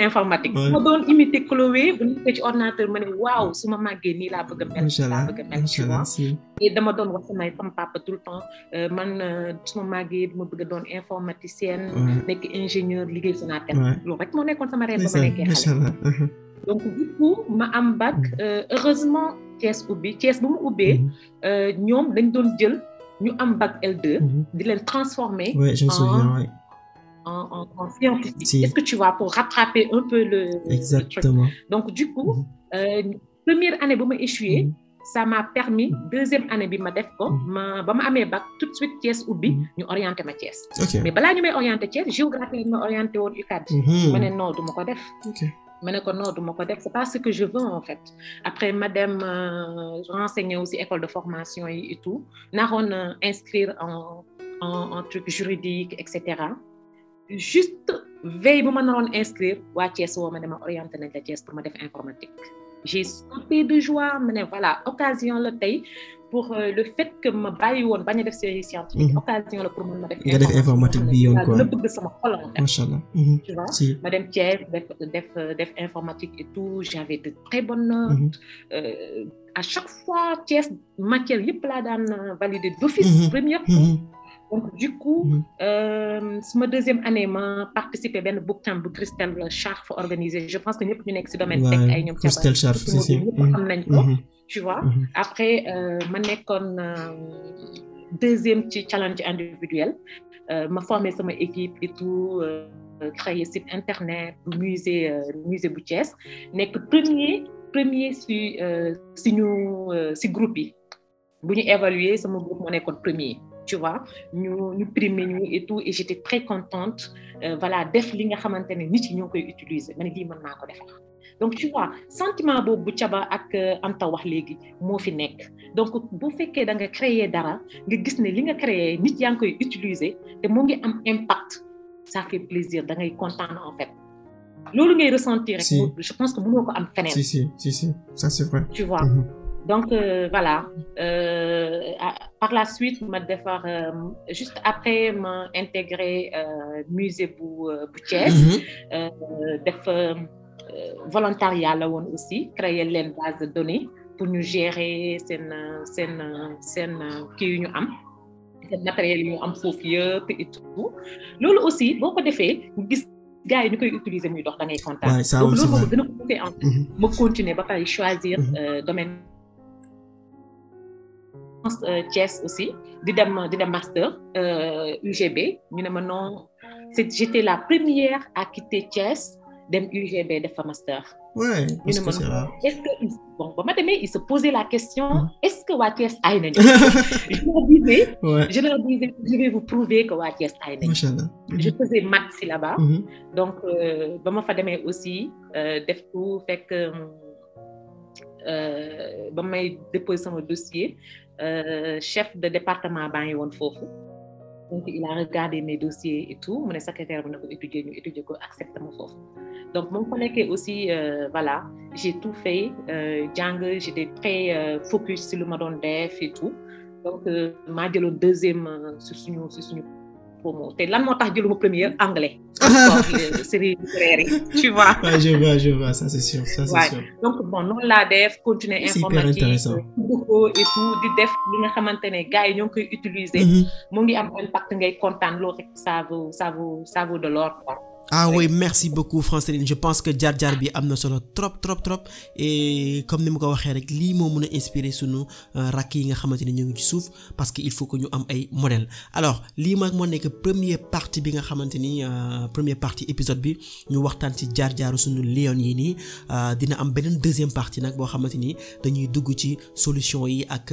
informatique. ma doon imiter Chloé bu nekkee ci ordinateur ma ne waaw su ma màggee nii laa bëgg a mel. incha laa bëgg mel tu vois. et dama doon wax samay sama papa euh, euh, su ma màggee dama bëgg a doon informaticienne. nekk ingénieur liggéey Sonatel. loolu rek moo nekkoon sama rêve ma nekkee xale. Uh-huh. donc du coup ma am bac mm. euh, heureusement. Thiès ubbi Thiès bu mu ubbee mhm. euh, ñoom dañ doon jël ñu am bac L2. Mhm. di leen transformer. oui En, en, en scientifique. Si. Est-ce que tu pour rattraper un peu le. Exactement. Le truc. Donc, du coup, mm -hmm. euh, première année, je m'ai échoué. Mm -hmm. Ça m'a permis, mhm. deuxième année, je m'ai fait, je m'ai bac, tout de suite, pièce ou bi, nous orienter ma pièce. Okay. Mais là, nous m'ai orienté pièce, géographie, nous m'ai orienté au UCAD. Je m'ai non, je m'ai fait. ma ne ko non du ma ko def c'est pas ce que je veux en fait après ma dem euh, renseigner aussi école de formation yi et tout naroon euh, inscrire en en en truc juridique et cetera juste veille bu ma naroon inscrire waa Thiès woo ma ne ma orienté nañ la Thiès pour ma def informatique. j'ai sauté de joie ma voilà occasion la tey pour euh, le fait que ma bàyyi woon bañ a def série scientifique. Mhm. occasion la pour mën ma def. nga def informatique bi yoon quoi mhm. ma dem Thiès euh, def informatique et tout j'avais de très bonnes notes. Mhm. Euh, à chaque fois Thiès matière yëpp laa daan d'office première fois. donc du coup mhm. euh, suma deuxième année ma participer benn book camp bu Christelle Scharf organisé je pense que ñëpp ñu nekk si domaine tech ay ñoom Christelle Scharf si si ñëpp xam nañ ko mhm. tu vois mhm. après euh, ma nekkoon euh, deuxième ci challenge individuel ma formé sama équipe et tout créer site internet musée musée bu Thiès nekk premier premier si si ñu si groupe yi bu ñu évaluer sama groupe moo nekkoon premier tu vois ñu ñu primé ñu tout et très contente euh, voilà def li nga xamante ne nit yi ñoo koy utiliser ma ne lii naa ko defar donc tu vois sentiment boobu bu caba ak euh, ta wax léegi moo fi nekk donc bu fekkee da nga créer dara nga gis ne li nga créer nit yaa ngi koy utiliser te mu ngi am impact ça fait plaisir da ngay kontaan en fait loolu ngay ressentir rek je pense que mënoo ko am feneen si si si si ça c'est vrai tu vois mm-hmm. donc euh, voilà ah, par la suite ma defar euh, juste après ma intégré euh, musée bu euh, bu Thiès. Mhm. def volontariat la woon aussi créer leen base de données pour ñu gérer seen seen seen kii yu ñu am. seen matériel yi ñu am foofu yëpp et loolu aussi boo ko defee gis gars yi ñu koy utiliser muy dox da ngay mhm. ma continuer ba pare choisir mhm. domaine. Euh, Thiès aussi di dem di dem master UGB euh, ñu ne ma non c'est j'étais la première à quitter Thiès dem UGB def fa master. ba ma demee il se posait la question mm. est-ce que waa ay aay nañu. <laughs> je leur disais. je leur disais je vais vous prouver que waa Thiès aay nañu. je faisais maths si là-bas. Mm-hmm. donc euh, ba ma fa demee aussi def tout fekk ba may déposer sama dossier. Euh, chef de département baa ngi woon foofu donc il a regardé mes et tout mu ne secrétaire bu ko étudier ñu étudier ko accepté foofu donc moom ko nekkee aussi euh, voilà j'ai tout fait euh, jàng j'étais très focus si lu ma doon def et tout donc maa jëloon deuxième sur suñu sur suñu promo te lan moo tax jëluma première mm. anglais. <laughs> Euh, série littéraire yi tu vois. waaw je vois je donc bon noonu laa def continuer informatique. dugg ko di def li nga xamante ne gars yi ñoo ngi koy utiliser. Mm-hmm. mu ngi am impact ngay kontaan loolu rek ça vaut ça de l'or ah oui merci beaucoup Franceline je pense que jaar jaar bi am na solo trop trop trop et comme ni ma ko waxee rek lii moo mën a inspirer sunu euh, rakk yi nga xamante ni ñu ngi ci suuf parce que il faut que ñu am ay modèle alors lii mag moo nekk premier partie bi nga xamante ni euh, première partie épisode bi ñu waxtaan ci jaar jaaru suñu lion yi nii euh, dina am beneen deuxième partie nag boo xamante ni dañuy dugg ci solution yi ak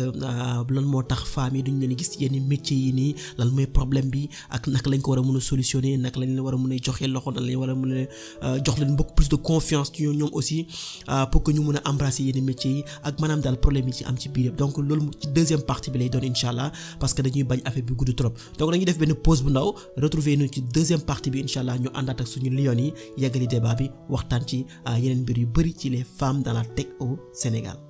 lan moo tax femmes yi duñu leen gis yenn métiers yi nii lan mooy problème bi ak naka lañ ko war a a solutionner naka lañ la war a mën a joxe loxo xoolal leen wala mu leen euh, jox leen beaucoup plus de confiance ci ñoom aussi euh, pour que ñu mën a embrasser yenn métiers yi ak maanaam daal problème yi ci am ci biir yëpp donc loolu ci deuxième partie bi lay doon incha allah bañ affaire bi gudd trop donc dañuy def benn pause bu ndaw retrouver ñu ci deuxième partie bi incha allah ñu àndaat ak suñu lion yi yeggali débat bi waxtaan ci euh, yeneen mbir yu bëri ci les femmes dans la tech au Sénégal.